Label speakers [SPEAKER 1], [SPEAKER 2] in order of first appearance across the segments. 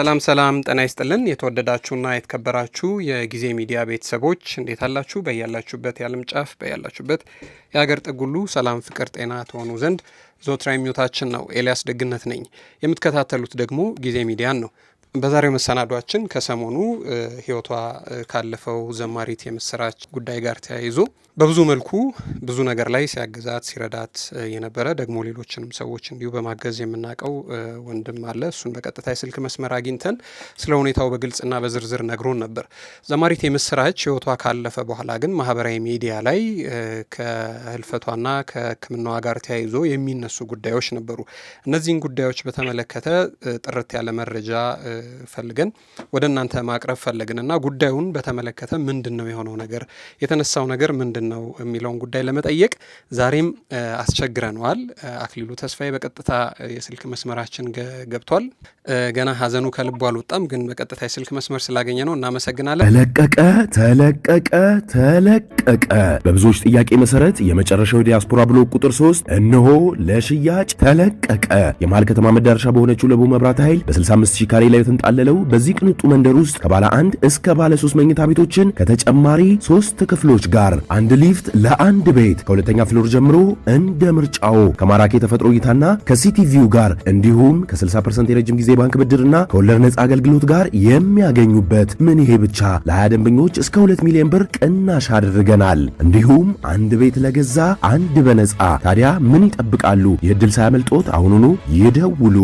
[SPEAKER 1] ሰላም ሰላም፣ ጤና ይስጥልን። የተወደዳችሁና የተከበራችሁ የጊዜ ሚዲያ ቤተሰቦች እንዴት አላችሁ? በያላችሁበት የዓለም ጫፍ በያላችሁበት የሀገር ጥግ ሁሉ ሰላም፣ ፍቅር፣ ጤና ተሆኑ ዘንድ ዞትራ የሚወታችን ነው። ኤልያስ ደግነት ነኝ። የምትከታተሉት ደግሞ ጊዜ ሚዲያን ነው። በዛሬው መሰናዷችን ከሰሞኑ ህይወቷ ካለፈው ዘማሪት የምስራች ጉዳይ ጋር ተያይዞ በብዙ መልኩ ብዙ ነገር ላይ ሲያግዛት ሲረዳት የነበረ ደግሞ ሌሎችንም ሰዎች እንዲሁ በማገዝ የምናውቀው ወንድም አለ። እሱን በቀጥታ የስልክ መስመር አግኝተን ስለ ሁኔታው በግልጽና በዝርዝር ነግሮን ነበር። ዘማሪት የምስራች ሕይወቷ ካለፈ በኋላ ግን ማህበራዊ ሚዲያ ላይ ከህልፈቷና ከሕክምናዋ ጋር ተያይዞ የሚነሱ ጉዳዮች ነበሩ። እነዚህን ጉዳዮች በተመለከተ ጥርት ያለ መረጃ ፈልገን ወደ እናንተ ማቅረብ ፈለግን እና ጉዳዩን በተመለከተ ምንድን ነው የሆነው ነገር የተነሳው ነገር ምንድን ምንድን ነው የሚለውን ጉዳይ ለመጠየቅ ዛሬም አስቸግረነዋል። አክሊሉ ተስፋዬ በቀጥታ የስልክ መስመራችን ገብቷል። ገና ሀዘኑ ከልቡ አልወጣም፣ ግን በቀጥታ የስልክ መስመር ስላገኘ ነው እናመሰግናለን።
[SPEAKER 2] ተለቀቀ ተለቀቀ ተለቀቀ። በብዙዎች ጥያቄ መሰረት የመጨረሻው ዲያስፖራ ብሎክ ቁጥር ሶስት እነሆ ለሽያጭ ተለቀቀ። የመሀል ከተማ መዳረሻ በሆነችው ለቡ መብራት ኃይል በ65 ሺህ ካሬ ላይ የተንጣለለው በዚህ ቅንጡ መንደር ውስጥ ከባለ አንድ እስከ ባለ ሶስት መኝታ ቤቶችን ከተጨማሪ ሶስት ክፍሎች ጋር አንድ አንድ ሊፍት ለአንድ ቤት ከሁለተኛ ፍሎር ጀምሮ እንደ ምርጫዎ ከማራኪ የተፈጥሮ እይታና ከሲቲቪው ጋር እንዲሁም ከ60% የረጅም ጊዜ ባንክ ብድርና ከወለድ ነፃ አገልግሎት ጋር የሚያገኙበት። ምን ይሄ ብቻ! ለሀያ ደንበኞች እስከ 2 ሚሊዮን ብር ቅናሽ አድርገናል። እንዲሁም አንድ ቤት ለገዛ አንድ በነፃ። ታዲያ ምን ይጠብቃሉ? የዕድል ሳያመልጦት አሁኑኑ ይደውሉ።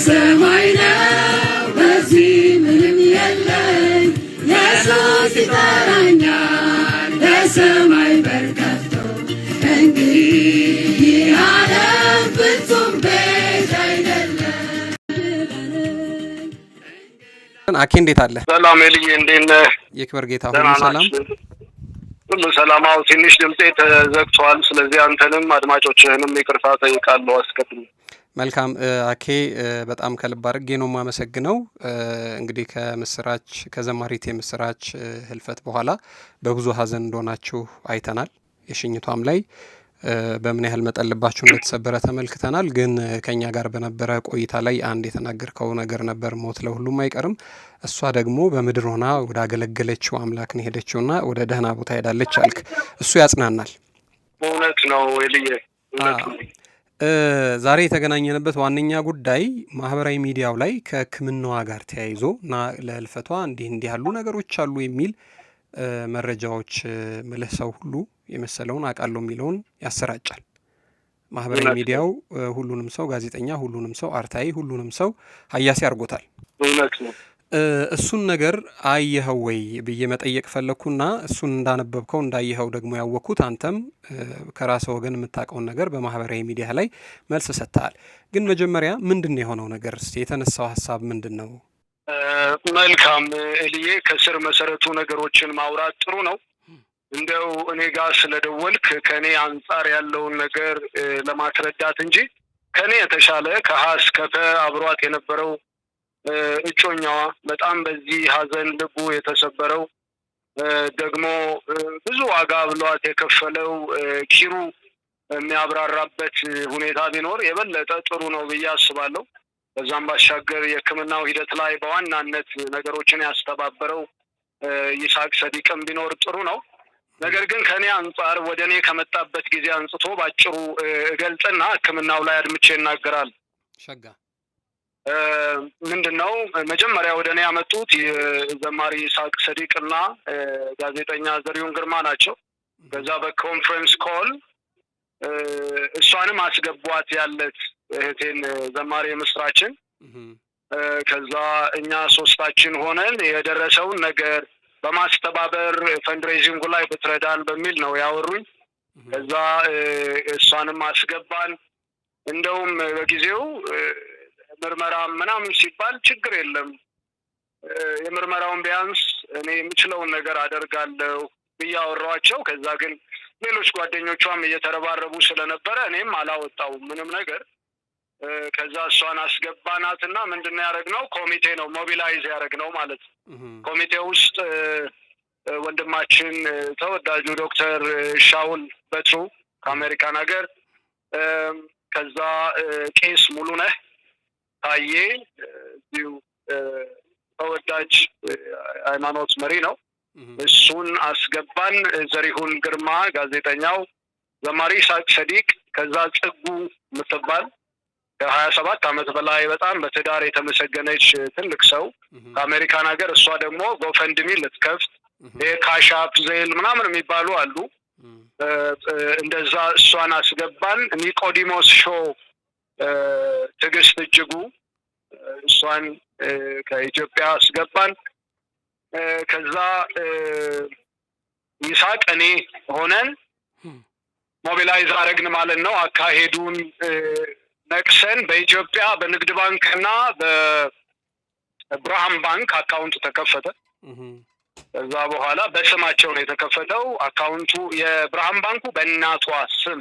[SPEAKER 2] በሰማይ ነው በዚህ
[SPEAKER 1] ምንም የለኝ የሱስ ይጠራኛል በሰማይ በር ከፍቶ እንግዲህ ይህ ዓለም ፍጹም ቤት አይደለም። አኬ እንዴት አለ?
[SPEAKER 3] ሰላም ልዬ እንዴት ነህ? የክብር ጌታ ሁሉ ሰላም ሁሉ ሰላማው ትንሽ ድምጤ ተዘግቷል። ስለዚህ አንተንም አድማጮችህንም ይቅርታ ጠይቃለሁ አስቀድሜ
[SPEAKER 1] መልካም አኬ በጣም ከልብ አድርጌ ነው የማመሰግነው። እንግዲህ ከምስራች ከዘማሪት የምስራች ህልፈት በኋላ በብዙ ሀዘን እንደሆናችሁ አይተናል። የሽኝቷም ላይ በምን ያህል መጠን ልባችሁ እንደተሰበረ ተመልክተናል። ግን ከኛ ጋር በነበረ ቆይታ ላይ አንድ የተናገርከው ነገር ነበር፣ ሞት ለሁሉም አይቀርም። እሷ ደግሞ በምድር ሆና ወደ አገለገለችው አምላክ ነው ሄደችውና ወደ ደህና ቦታ ሄዳለች አልክ። እሱ ያጽናናል። እውነት ነው። ዛሬ የተገናኘንበት ዋነኛ ጉዳይ ማህበራዊ ሚዲያው ላይ ከሕክምናዋ ጋር ተያይዞ እና ለህልፈቷ እንዲህ እንዲህ ያሉ ነገሮች አሉ የሚል መረጃዎች ምልህ ሰው ሁሉ የመሰለውን አውቃለሁ የሚለውን ያሰራጫል። ማህበራዊ ሚዲያው ሁሉንም ሰው ጋዜጠኛ፣ ሁሉንም ሰው አርታይ ሁሉንም ሰው ሀያሴ አድርጎታል። እሱን ነገር አየኸው ወይ ብዬ መጠየቅ ፈለግኩና እሱን እንዳነበብከው እንዳየኸው ደግሞ ያወቅኩት አንተም ከራስ ወገን የምታውቀውን ነገር በማህበራዊ ሚዲያ ላይ መልስ ሰጥተሃል። ግን መጀመሪያ ምንድን ነው የሆነው ነገር? የተነሳው ሀሳብ ምንድን ነው?
[SPEAKER 3] መልካም እልዬ፣ ከስር መሰረቱ ነገሮችን ማውራት ጥሩ ነው። እንደው እኔ ጋር ስለደወልክ ከእኔ አንጻር ያለውን ነገር ለማስረዳት እንጂ ከእኔ የተሻለ ከሀስ ከፈ አብሯት የነበረው እጮኛዋ በጣም በዚህ ሀዘን ልቡ የተሰበረው ደግሞ ብዙ ዋጋ ብሏት የከፈለው ኪሩ የሚያብራራበት ሁኔታ ቢኖር የበለጠ ጥሩ ነው ብዬ አስባለሁ። በዛም ባሻገር የሕክምናው ሂደት ላይ በዋናነት ነገሮችን ያስተባበረው ይስሐቅ ሰዲቅም ቢኖር ጥሩ ነው። ነገር ግን ከእኔ አንጻር ወደ እኔ ከመጣበት ጊዜ አንጽቶ ባጭሩ እገልጽና ሕክምናው ላይ አድምቼ ይናገራል ሸጋ ምንድን ነው መጀመሪያ ወደ እኔ ያመጡት የዘማሪ ሳቅ ሰዲቅ እና ጋዜጠኛ ዘሪሁን ግርማ ናቸው። በዛ በኮንፈረንስ ኮል እሷንም አስገቧት ያለት እህቴን ዘማሪ ምስራችን። ከዛ እኛ ሶስታችን ሆነን የደረሰውን ነገር በማስተባበር ፈንድሬዚንጉ ላይ ብትረዳን በሚል ነው ያወሩኝ። ከዛ እሷንም አስገባን። እንደውም በጊዜው ምርመራ ምናምን ሲባል ችግር የለም የምርመራውን ቢያንስ እኔ የምችለውን ነገር አደርጋለሁ ብያወራኋቸው ከዛ ግን ሌሎች ጓደኞቿም እየተረባረቡ ስለነበረ እኔም አላወጣውም ምንም ነገር። ከዛ እሷን አስገባናት እና ምንድን ነው ያደረግነው? ኮሚቴ ነው ሞቢላይዝ ያደረግ ነው ማለት ነው። ኮሚቴ ውስጥ ወንድማችን ተወዳጁ ዶክተር ሻውል በትሩ ከአሜሪካን ሀገር፣ ከዛ ቄስ ሙሉ ነህ ታዬ እዚሁ ተወዳጅ ሃይማኖት መሪ ነው። እሱን አስገባን። ዘሪሁን ግርማ ጋዜጠኛው፣ ዘማሪ ሳቅ ሰዲቅ፣ ከዛ ጽጉ የምትባል ከሀያ ሰባት አመት በላይ በጣም በትዳር የተመሰገነች ትልቅ ሰው ከአሜሪካን ሀገር፣ እሷ ደግሞ ጎፈንድሚ ልትከፍት ካሻፕ ዜል ምናምን የሚባሉ አሉ። እንደዛ እሷን አስገባን። ኒቆዲሞስ ሾው ትዕግስት እጅጉ እሷን ከኢትዮጵያ አስገባን። ከዛ ይሳቅ እኔ ሆነን ሞቢላይዝ አረግን ማለት ነው። አካሄዱን ነቅሰን በኢትዮጵያ በንግድ ባንክና በብርሃን ባንክ አካውንት ተከፈተ። ከዛ በኋላ በስማቸው ነው የተከፈተው አካውንቱ። የብርሃን ባንኩ በእናቷ ስም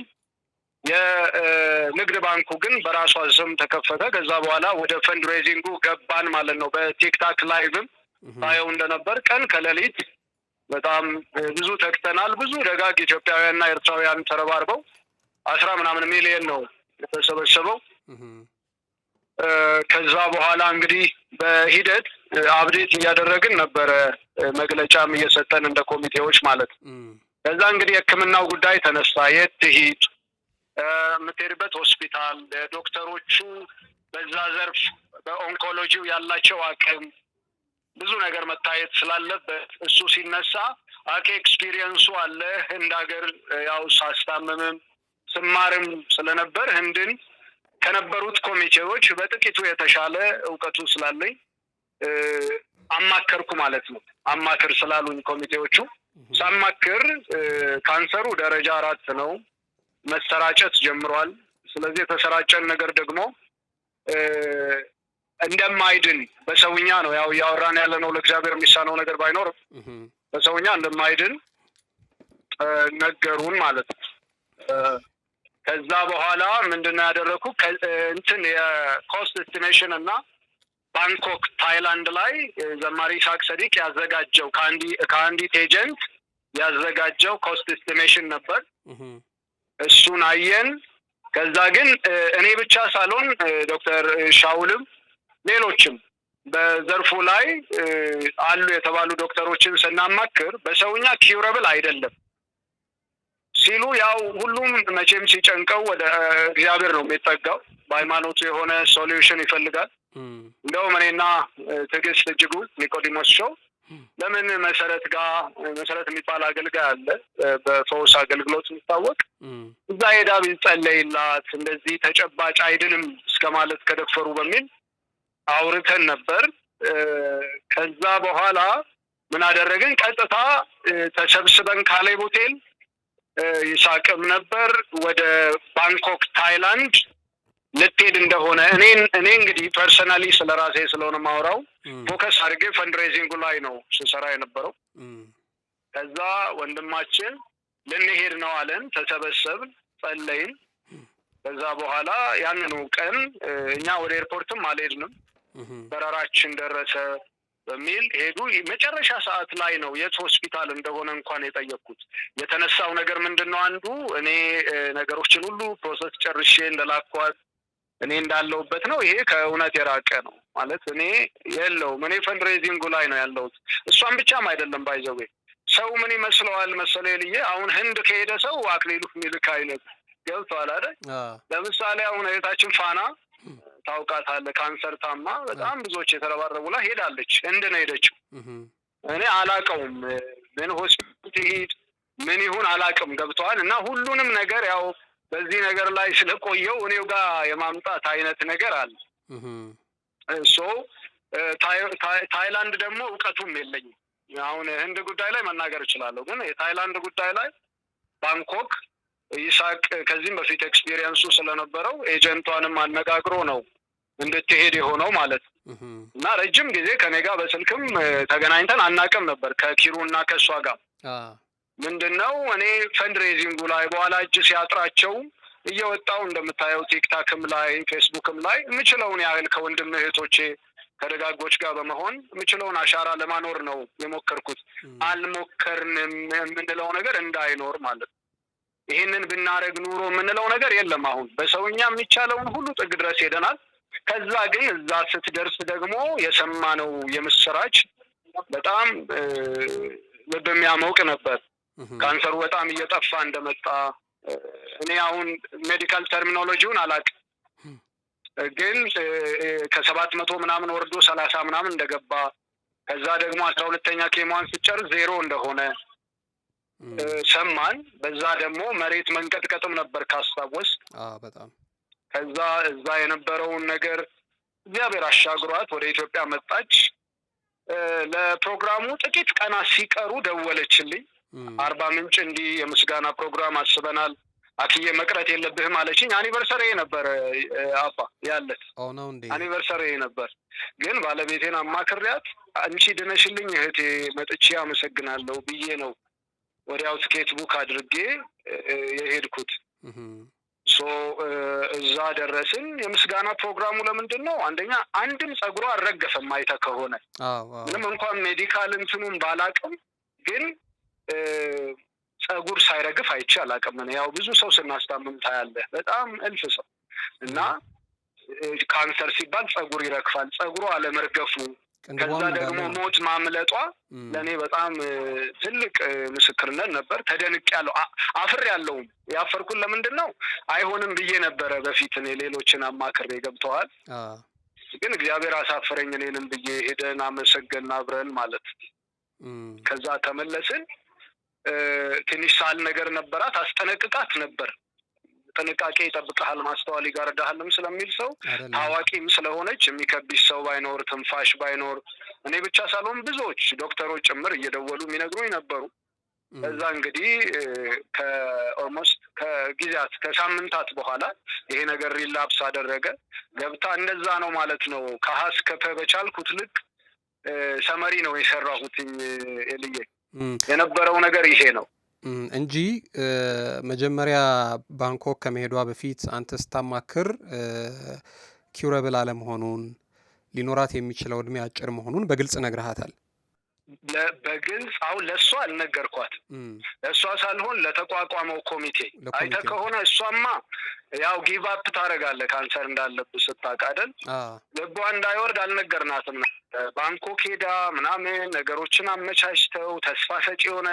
[SPEAKER 3] የንግድ ባንኩ ግን በራሷ ስም ተከፈተ። ከዛ በኋላ ወደ ፈንድ ገባን ማለት ነው። በቲክታክ ላይቭም ታየው እንደነበር ቀን ከሌሊት በጣም ብዙ ተክተናል። ብዙ ደጋግ ኢትዮጵያውያንና ኤርትራውያን ተረባርበው አስራ ምናምን ሚሊየን ነው የተሰበሰበው። ከዛ በኋላ እንግዲህ በሂደት አብዴት እያደረግን ነበረ፣ መግለጫም እየሰጠን እንደ ኮሚቴዎች ማለት። ከዛ እንግዲህ የሕክምናው ጉዳይ ተነሳ። የት ሂድ የምትሄድበት ሆስፒታል፣ ዶክተሮቹ በዛ ዘርፍ በኦንኮሎጂው ያላቸው አቅም ብዙ ነገር መታየት ስላለበት እሱ ሲነሳ አኬ ኤክስፒሪየንሱ አለ። ህንድ ሀገር ያው ሳስታምምም ስማርም ስለነበር ህንድን ከነበሩት ኮሚቴዎች በጥቂቱ የተሻለ እውቀቱ ስላለኝ አማከርኩ ማለት ነው። አማክር ስላሉኝ ኮሚቴዎቹ ሳማክር ካንሰሩ ደረጃ አራት ነው። መሰራጨት ጀምሯል። ስለዚህ የተሰራጨን ነገር ደግሞ እንደማይድን በሰውኛ ነው ያው እያወራን ያለ ነው። ለእግዚአብሔር የሚሳነው ነገር ባይኖርም በሰውኛ እንደማይድን ነገሩን ማለት ነው። ከዛ በኋላ ምንድነው ያደረግኩ እንትን የኮስት ኤስቲሜሽን እና ባንኮክ ታይላንድ ላይ ዘማሪ ይስሐቅ ሰዲቅ ያዘጋጀው ከአንዲት ኤጀንት ያዘጋጀው ኮስት ኤስቲሜሽን ነበር። እሱን አየን። ከዛ ግን እኔ ብቻ ሳልሆን ዶክተር ሻውልም ሌሎችም በዘርፉ ላይ አሉ የተባሉ ዶክተሮችን ስናማክር በሰውኛ ኪውረብል አይደለም ሲሉ ያው ሁሉም መቼም ሲጨንቀው ወደ እግዚአብሔር ነው የሚጠጋው። በሃይማኖቱ የሆነ ሶሉሽን ይፈልጋል። እንደውም እኔና ትዕግስት እጅጉ ኒቆዲሞስ ሾው ለምን መሰረት ጋር መሰረት የሚባል አገልጋይ አለ፣ በፈውስ አገልግሎት የሚታወቅ እዛ ሄዳ ቢጸለይላት እንደዚህ ተጨባጭ አይድንም እስከ ማለት ከደፈሩ በሚል አውርተን ነበር። ከዛ በኋላ ምን አደረግን? ቀጥታ ተሰብስበን ካሌብ ሆቴል ይሳቅም ነበር ወደ ባንኮክ ታይላንድ ልትሄድ እንደሆነ እኔን እኔ እንግዲህ ፐርሰናሊ ስለ ራሴ ስለሆነ ማውራው ፎከስ አድርጌ ፈንድሬዚንጉ ላይ ነው ስሰራ የነበረው። ከዛ ወንድማችን ልንሄድ ነው አለን። ተሰበሰብን፣ ጸለይን። ከዛ በኋላ ያንኑ ቀን እኛ ወደ ኤርፖርትም አልሄድንም። በረራችን ደረሰ በሚል ሄዱ። መጨረሻ ሰዓት ላይ ነው የት ሆስፒታል እንደሆነ እንኳን የጠየቅኩት። የተነሳው ነገር ምንድን ነው አንዱ እኔ ነገሮችን ሁሉ ፕሮሰስ ጨርሼ እንደላኳት እኔ እንዳለውበት ነው። ይሄ ከእውነት የራቀ ነው ማለት እኔ የለውም። እኔ ፈንድሬዚንጉ ላይ ነው ያለሁት። እሷን ብቻም አይደለም ባይዘዌ ሰው ምን ይመስለዋል መሰለ ልዬ አሁን ህንድ ከሄደ ሰው አክሊሉ ሚልክ አይነት ገብቷል አይደል? ለምሳሌ አሁን እህታችን ፋና ታውቃታለህ፣ ካንሰር ታማ በጣም ብዙዎች የተረባረቡ ላይ ሄዳለች። ህንድ ነው ሄደችው። እኔ አላቀውም ምን ሆስፒታል ትሂድ ምን ይሁን አላቅም። ገብተዋል እና ሁሉንም ነገር ያው በዚህ ነገር ላይ ስለቆየው እኔው ጋር የማምጣት አይነት ነገር አለ። ሶ ታይላንድ ደግሞ እውቀቱም የለኝም። አሁን ህንድ ጉዳይ ላይ መናገር እችላለሁ፣ ግን የታይላንድ ጉዳይ ላይ ባንኮክ ይሳቅ ከዚህም በፊት ኤክስፒሪየንሱ ስለነበረው ኤጀንቷንም አነጋግሮ ነው እንድትሄድ የሆነው ማለት ነው። እና ረጅም ጊዜ ከኔ ጋር በስልክም ተገናኝተን አናቅም ነበር ከኪሩ እና ከእሷ ጋር ምንድን ነው እኔ ፈንድሬዚንጉ ላይ በኋላ እጅ ሲያጥራቸው እየወጣው እንደምታየው ቲክታክም ላይ ፌስቡክም ላይ የምችለውን ያህል ከወንድም እህቶቼ ከደጋጎች ጋር በመሆን የምችለውን አሻራ ለማኖር ነው የሞከርኩት። አልሞከርንም የምንለው ነገር እንዳይኖር ማለት ነው። ይህንን ብናደረግ ኑሮ የምንለው ነገር የለም። አሁን በሰውኛ የሚቻለውን ሁሉ ጥግ ድረስ ሄደናል። ከዛ ግን እዛ ስትደርስ ደግሞ የሰማነው የምስራች በጣም ልብ የሚያመውቅ ነበር። ካንሰሩ በጣም እየጠፋ እንደመጣ እኔ አሁን ሜዲካል ተርሚኖሎጂውን አላቅ ግን ከሰባት መቶ ምናምን ወርዶ ሰላሳ ምናምን እንደገባ ከዛ ደግሞ አስራ ሁለተኛ ኬሟን ስጨር ዜሮ እንደሆነ ሰማን። በዛ ደግሞ መሬት መንቀጥቀጥም ነበር ካስታወስ በጣም ከዛ እዛ የነበረውን ነገር እግዚአብሔር አሻግሯት ወደ ኢትዮጵያ መጣች። ለፕሮግራሙ ጥቂት ቀናት ሲቀሩ ደወለችልኝ። አርባ ምንጭ እንዲህ የምስጋና ፕሮግራም አስበናል አክዬ መቅረት የለብህም አለችኝ። አኒቨርሰሪ ነበር አባ ያለት ነው እንዴ? አኒቨርሰሪ ነበር። ግን ባለቤቴን አማክሪያት አንቺ ድነሽልኝ እህቴ መጥቼ አመሰግናለሁ ብዬ ነው ወዲያው ትኬት ቡክ አድርጌ የሄድኩት። ሶ እዛ ደረስን። የምስጋና ፕሮግራሙ ለምንድን ነው? አንደኛ አንድም ጸጉሯ አልረገፈም። አይተህ ከሆነ ምንም እንኳን ሜዲካል እንትኑን ባላቅም ግን ጸጉር ሳይረግፍ አይቼ አላውቅም። ያው ብዙ ሰው ስናስታምም ታያለህ፣ በጣም እልፍ ሰው እና ካንሰር ሲባል ጸጉር ይረግፋል። ጸጉሩ አለመርገፉ ከዛ ደግሞ ሞት ማምለጧ ለእኔ በጣም ትልቅ ምስክርነት ነበር። ተደንቅ ያለው አፍር ያለውም ያፈርኩን ለምንድን ነው አይሆንም ብዬ ነበረ በፊት እኔ ሌሎችን አማክሬ ገብተዋል። ግን እግዚአብሔር አሳፈረኝ እኔንም ብዬ ሄደን አመሰገን አብረን ማለት ከዛ ተመለስን። ትንሽ ሳል ነገር ነበራት፣ አስጠነቅቃት ነበር። ጥንቃቄ ይጠብቀሃል፣ ማስተዋል ይጋርዳሃልም ስለሚል ሰው ታዋቂም ስለሆነች የሚከቢስ ሰው ባይኖር ትንፋሽ ባይኖር እኔ ብቻ ሳልሆን ብዙዎች ዶክተሮች ጭምር እየደወሉ የሚነግሩኝ ነበሩ። እዛ እንግዲህ ከኦልሞስት ከጊዜያት ከሳምንታት በኋላ ይሄ ነገር ሪላፕስ አደረገ። ገብታ እንደዛ ነው ማለት ነው። ከሀስ ከፈ በቻልኩት ልክ ሰመሪ ነው የሰራሁትኝ ኤልዬ የነበረው ነገር ይሄ ነው
[SPEAKER 1] እንጂ መጀመሪያ ባንኮክ ከመሄዷ በፊት አንተ ስታማክር ኪውረብል አለመሆኑን ሊኖራት የሚችለው እድሜ አጭር መሆኑን በግልጽ ነግረሃታል።
[SPEAKER 3] በግልጽ አሁን ለእሷ አልነገርኳት። ለእሷ ሳልሆን ለተቋቋመው ኮሚቴ አይተ ከሆነ እሷማ ያው ጊቫፕ ታደረጋለ ካንሰር እንዳለብ ስታቃደል አይደል? ልቧ እንዳይወርድ አልነገርናትም። ባንኮክ ሄዳ ምናምን ነገሮችን አመቻችተው ተስፋ ሰጪ የሆነ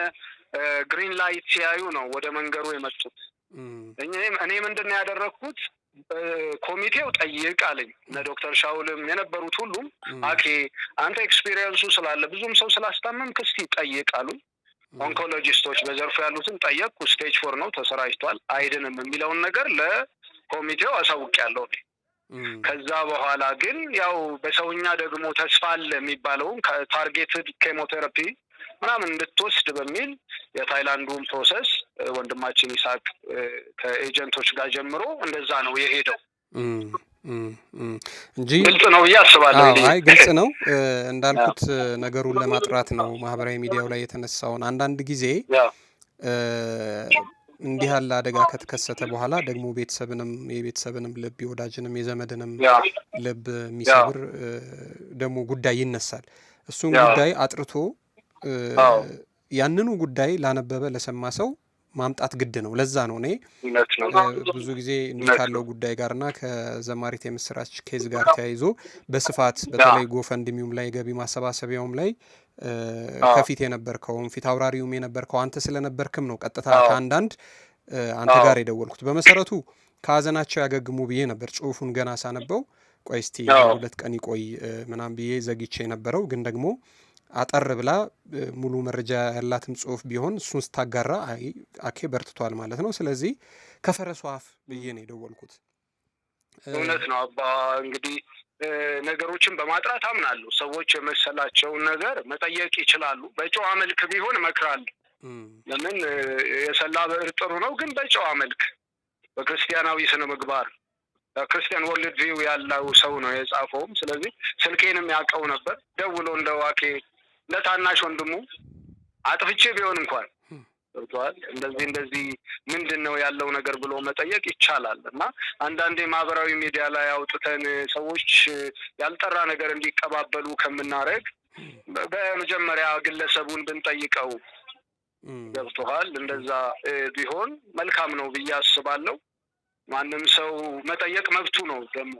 [SPEAKER 3] ግሪን ላይት ሲያዩ ነው ወደ መንገሩ የመጡት። እኔ ምንድን ነው ያደረግኩት ኮሚቴው ጠይቅ አለኝ። እነ ዶክተር ሻውልም የነበሩት ሁሉም አኬ አንተ ኤክስፒሪየንሱ ስላለ ብዙም ሰው ስላስታመምክ እስቲ ጠይቅ አሉኝ። ኦንኮሎጂስቶች በዘርፉ ያሉትን ጠየቅኩ። ስቴጅ ፎር ነው ተሰራጭቷል፣ አይድንም የሚለውን ነገር ለኮሚቴው አሳውቄያለሁ። ከዛ በኋላ ግን ያው በሰውኛ ደግሞ ተስፋ አለ የሚባለውን ታርጌትድ ኬሞቴራፒ ምናምን እንድትወስድ በሚል የታይላንዱን ፕሮሰስ ወንድማችን ይሳቅ ከኤጀንቶች ጋር ጀምሮ እንደዛ ነው የሄደው እንጂ ግልጽ ነው ብዬ አስባለሁ።
[SPEAKER 1] አይ ግልጽ ነው እንዳልኩት ነገሩን ለማጥራት ነው ማህበራዊ ሚዲያው ላይ የተነሳውን። አንዳንድ ጊዜ እንዲህ ያለ አደጋ ከተከሰተ በኋላ ደግሞ ቤተሰብንም የቤተሰብንም ልብ የወዳጅንም የዘመድንም ልብ የሚሰብር ደግሞ ጉዳይ ይነሳል። እሱን ጉዳይ አጥርቶ ያንኑ ጉዳይ ላነበበ ለሰማ ሰው ማምጣት ግድ ነው። ለዛ ነው እኔ ብዙ ጊዜ እንዲህ ካለው ጉዳይ ጋርና ከዘማሪት የምስራች ኬዝ ጋር ተያይዞ በስፋት በተለይ ጎፈንድሚውም ላይ ገቢ ማሰባሰቢያውም ላይ ከፊት የነበርከውም ፊት አውራሪውም የነበርከው አንተ ስለነበርክም ነው ቀጥታ ከአንዳንድ አንተ ጋር የደወልኩት። በመሰረቱ ከሀዘናቸው ያገግሙ ብዬ ነበር ጽሁፉን ገና ሳነበው ቆይ እስቲ ሁለት ቀን ይቆይ ምናም ብዬ ዘግቼ የነበረው ግን ደግሞ አጠር ብላ ሙሉ መረጃ ያላትም ጽሁፍ ቢሆን እሱን ስታጋራ አኬ በርትቷል ማለት ነው። ስለዚህ ከፈረሱ አፍ ብዬ ነው የደወልኩት።
[SPEAKER 3] እውነት ነው አባ። እንግዲህ ነገሮችን በማጥራት አምናለሁ። ሰዎች የመሰላቸውን ነገር መጠየቅ ይችላሉ። በጨዋ መልክ ቢሆን እመክራለሁ። ለምን የሰላ ብዕር ጥሩ ነው፣ ግን በጨዋ መልክ በክርስቲያናዊ ስነ ምግባር ክርስቲያን ወርልድ ቪው ያለው ሰው ነው የጻፈውም። ስለዚህ ስልኬንም ያውቀው ነበር ደውሎ እንደ ዋኬ ለታናሽ ወንድሙ አጥፍቼ ቢሆን እንኳን ገብተዋል እንደዚህ እንደዚህ ምንድን ነው ያለው ነገር ብሎ መጠየቅ ይቻላል። እና አንዳንዴ ማህበራዊ ሚዲያ ላይ አውጥተን ሰዎች ያልጠራ ነገር እንዲቀባበሉ ከምናደርግ በመጀመሪያ ግለሰቡን ብንጠይቀው ገብቶሃል፣ እንደዛ ቢሆን መልካም ነው ብዬ አስባለሁ። ማንም ሰው መጠየቅ መብቱ ነው። ደግሞ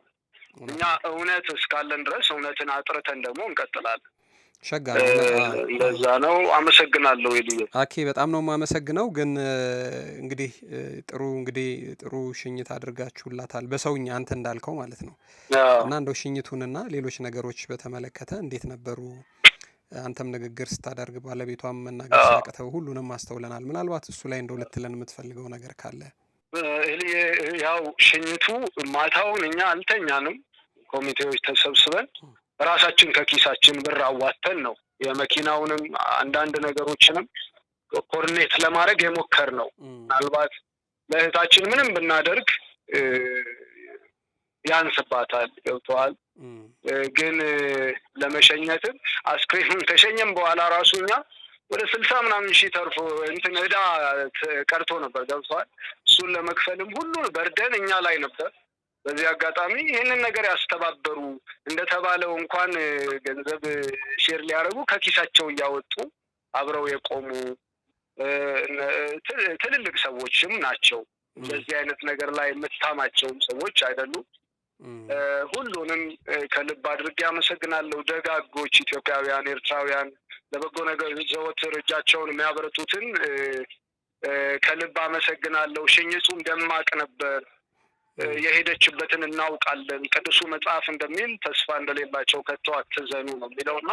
[SPEAKER 3] እኛ እውነት እስካለን ድረስ እውነትን አጥርተን ደግሞ እንቀጥላለን። ሸጋ ለዛ ነው አመሰግናለሁ።
[SPEAKER 1] አኬ በጣም ነው የማመሰግነው። ግን እንግዲህ ጥሩ እንግዲህ ጥሩ ሽኝት አድርጋችሁላታል በሰውኛ አንተ እንዳልከው ማለት ነው እና እንደው ሽኝቱንና ሌሎች ነገሮች በተመለከተ እንዴት ነበሩ? አንተም ንግግር ስታደርግ ባለቤቷም መናገር ሲያቅተው ሁሉንም አስተውለናል። ምናልባት እሱ ላይ እንደው ልትለን የምትፈልገው ነገር ካለ
[SPEAKER 3] ያው ሽኝቱ ማታውን እኛ አልተኛንም። ኮሚቴዎች ተሰብስበን ራሳችን ከኪሳችን ብር አዋተን ነው የመኪናውንም አንዳንድ ነገሮችንም ኮርኔት ለማድረግ የሞከር ነው። ምናልባት ለእህታችን ምንም ብናደርግ ያንስባታል። ገብተዋል። ግን ለመሸኘትም አስክሬኑን ተሸኘም በኋላ ራሱ እኛ ወደ ስልሳ ምናምን ሺህ ተርፎ እንትን እዳ ቀርቶ ነበር። ገብተዋል። እሱን ለመክፈልም ሁሉ በርደን እኛ ላይ ነበር። በዚህ አጋጣሚ ይህንን ነገር ያስተባበሩ እንደተባለው እንኳን ገንዘብ ሼር ሊያደርጉ ከኪሳቸው እያወጡ አብረው የቆሙ ትልልቅ ሰዎችም ናቸው። በዚህ አይነት ነገር ላይ የምታማቸውም ሰዎች አይደሉም። ሁሉንም ከልብ አድርጌ አመሰግናለሁ። ደጋጎች ኢትዮጵያውያን፣ ኤርትራውያን ለበጎ ነገር ዘወትር እጃቸውን የሚያበረቱትን ከልብ አመሰግናለሁ። ሽኝጹም ደማቅ ነበር። የሄደችበትን እናውቃለን። ቅዱሱ መጽሐፍ እንደሚል ተስፋ እንደሌላቸው ከቶ አትዘኑ ነው የሚለውና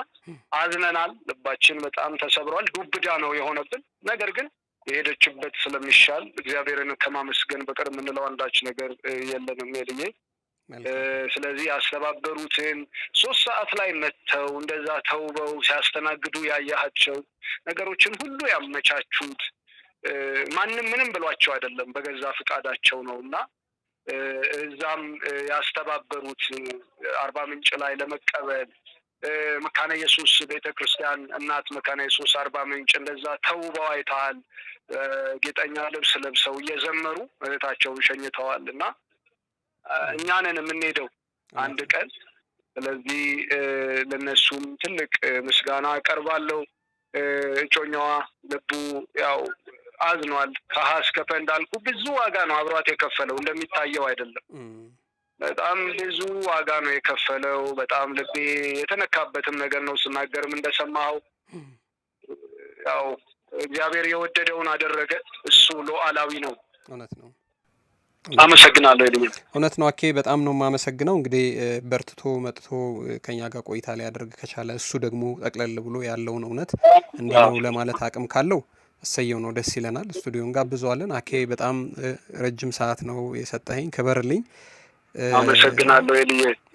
[SPEAKER 3] አዝነናል። ልባችን በጣም ተሰብሯል። ዱብዳ ነው የሆነብን። ነገር ግን የሄደችበት ስለሚሻል እግዚአብሔርን ከማመስገን በቀር የምንለው አንዳች ነገር የለንም የልዬ ስለዚህ ያስተባበሩትን ሶስት ሰዓት ላይ መጥተው እንደዛ ተውበው ሲያስተናግዱ ያያሃቸው ነገሮችን ሁሉ ያመቻቹት ማንም ምንም ብሏቸው አይደለም፣ በገዛ ፈቃዳቸው ነው እና እዛም ያስተባበሩት አርባ ምንጭ ላይ ለመቀበል መካነ ኢየሱስ ቤተ ክርስቲያን እናት መካነ ኢየሱስ አርባ ምንጭ እንደዛ ተውበው አይተሃል። ጌጠኛ ልብስ ለብሰው እየዘመሩ እህታቸውን ሸኝተዋል እና እኛንን የምንሄደው አንድ ቀን ስለዚህ ለነሱም ትልቅ ምስጋና አቀርባለሁ። እጮኛዋ ልቡ ያው አዝኗል። ከሀ እስከ ፐ እንዳልኩ ብዙ ዋጋ ነው አብሯት የከፈለው። እንደሚታየው አይደለም። በጣም ብዙ ዋጋ ነው የከፈለው። በጣም ልቤ የተነካበትም ነገር ነው። ስናገርም እንደሰማኸው ያው እግዚአብሔር የወደደውን አደረገ። እሱ ሉዓላዊ ነው። እውነት ነው። አመሰግናለሁ።
[SPEAKER 1] እውነት ነው። አኬ በጣም ነው የማመሰግነው። እንግዲህ በርትቶ መጥቶ ከኛ ጋር ቆይታ ሊያደርግ ከቻለ እሱ ደግሞ ጠቅለል ብሎ ያለውን እውነት እንዲህ ነው ለማለት አቅም ካለው እሰየው ነው፣ ደስ ይለናል። ስቱዲዮ እንጋብዘዋለን። አኬ በጣም ረጅም ሰዓት ነው የሰጠኝ፣ ክበርልኝ።
[SPEAKER 3] አመሰግናለሁ።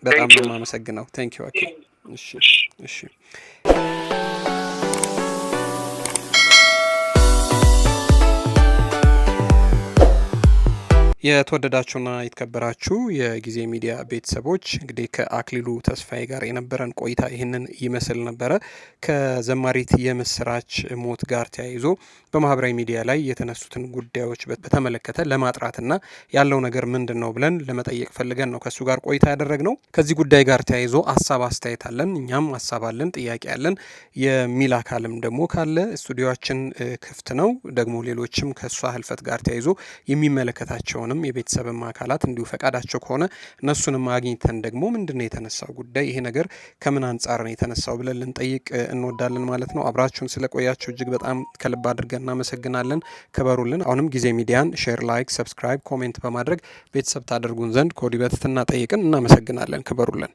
[SPEAKER 1] በጣም ነው የማመሰግነው። ታንኪዩ አኬ። እሺ እሺ የተወደዳችሁና የተከበራችሁ የጊዜ ሚዲያ ቤተሰቦች እንግዲህ ከአክሊሉ ተስፋዬ ጋር የነበረን ቆይታ ይህንን ይመስል ነበረ። ከዘማሪት የምስራች ሞት ጋር ተያይዞ በማህበራዊ ሚዲያ ላይ የተነሱትን ጉዳዮች በተመለከተ ለማጥራትና ያለው ነገር ምንድን ነው ብለን ለመጠየቅ ፈልገን ነው ከእሱ ጋር ቆይታ ያደረግነው። ከዚህ ጉዳይ ጋር ተያይዞ ሀሳብ አስተያየት አለን፣ እኛም ሀሳብ አለን፣ ጥያቄ አለን የሚል አካልም ደግሞ ካለ ስቱዲዮችን ክፍት ነው። ደግሞ ሌሎችም ከእሷ ህልፈት ጋር ተያይዞ የሚመለከታቸውንም ወገንም የቤተሰብም አካላት እንዲሁ ፈቃዳቸው ከሆነ እነሱንም አግኝተን ደግሞ ምንድን ነው የተነሳው ጉዳይ ይሄ ነገር ከምን አንጻር ነው የተነሳው ብለን ልንጠይቅ እንወዳለን ማለት ነው። አብራችሁን ስለቆያቸው እጅግ በጣም ከልብ አድርገን እናመሰግናለን። ክበሩልን። አሁንም ጊዜ ሚዲያን ሼር፣ ላይክ፣ ሰብስክራይብ፣ ኮሜንት በማድረግ ቤተሰብ ታደርጉን ዘንድ ከወዲህ በትህትና ጠይቅን። እናመሰግናለን። ክበሩልን።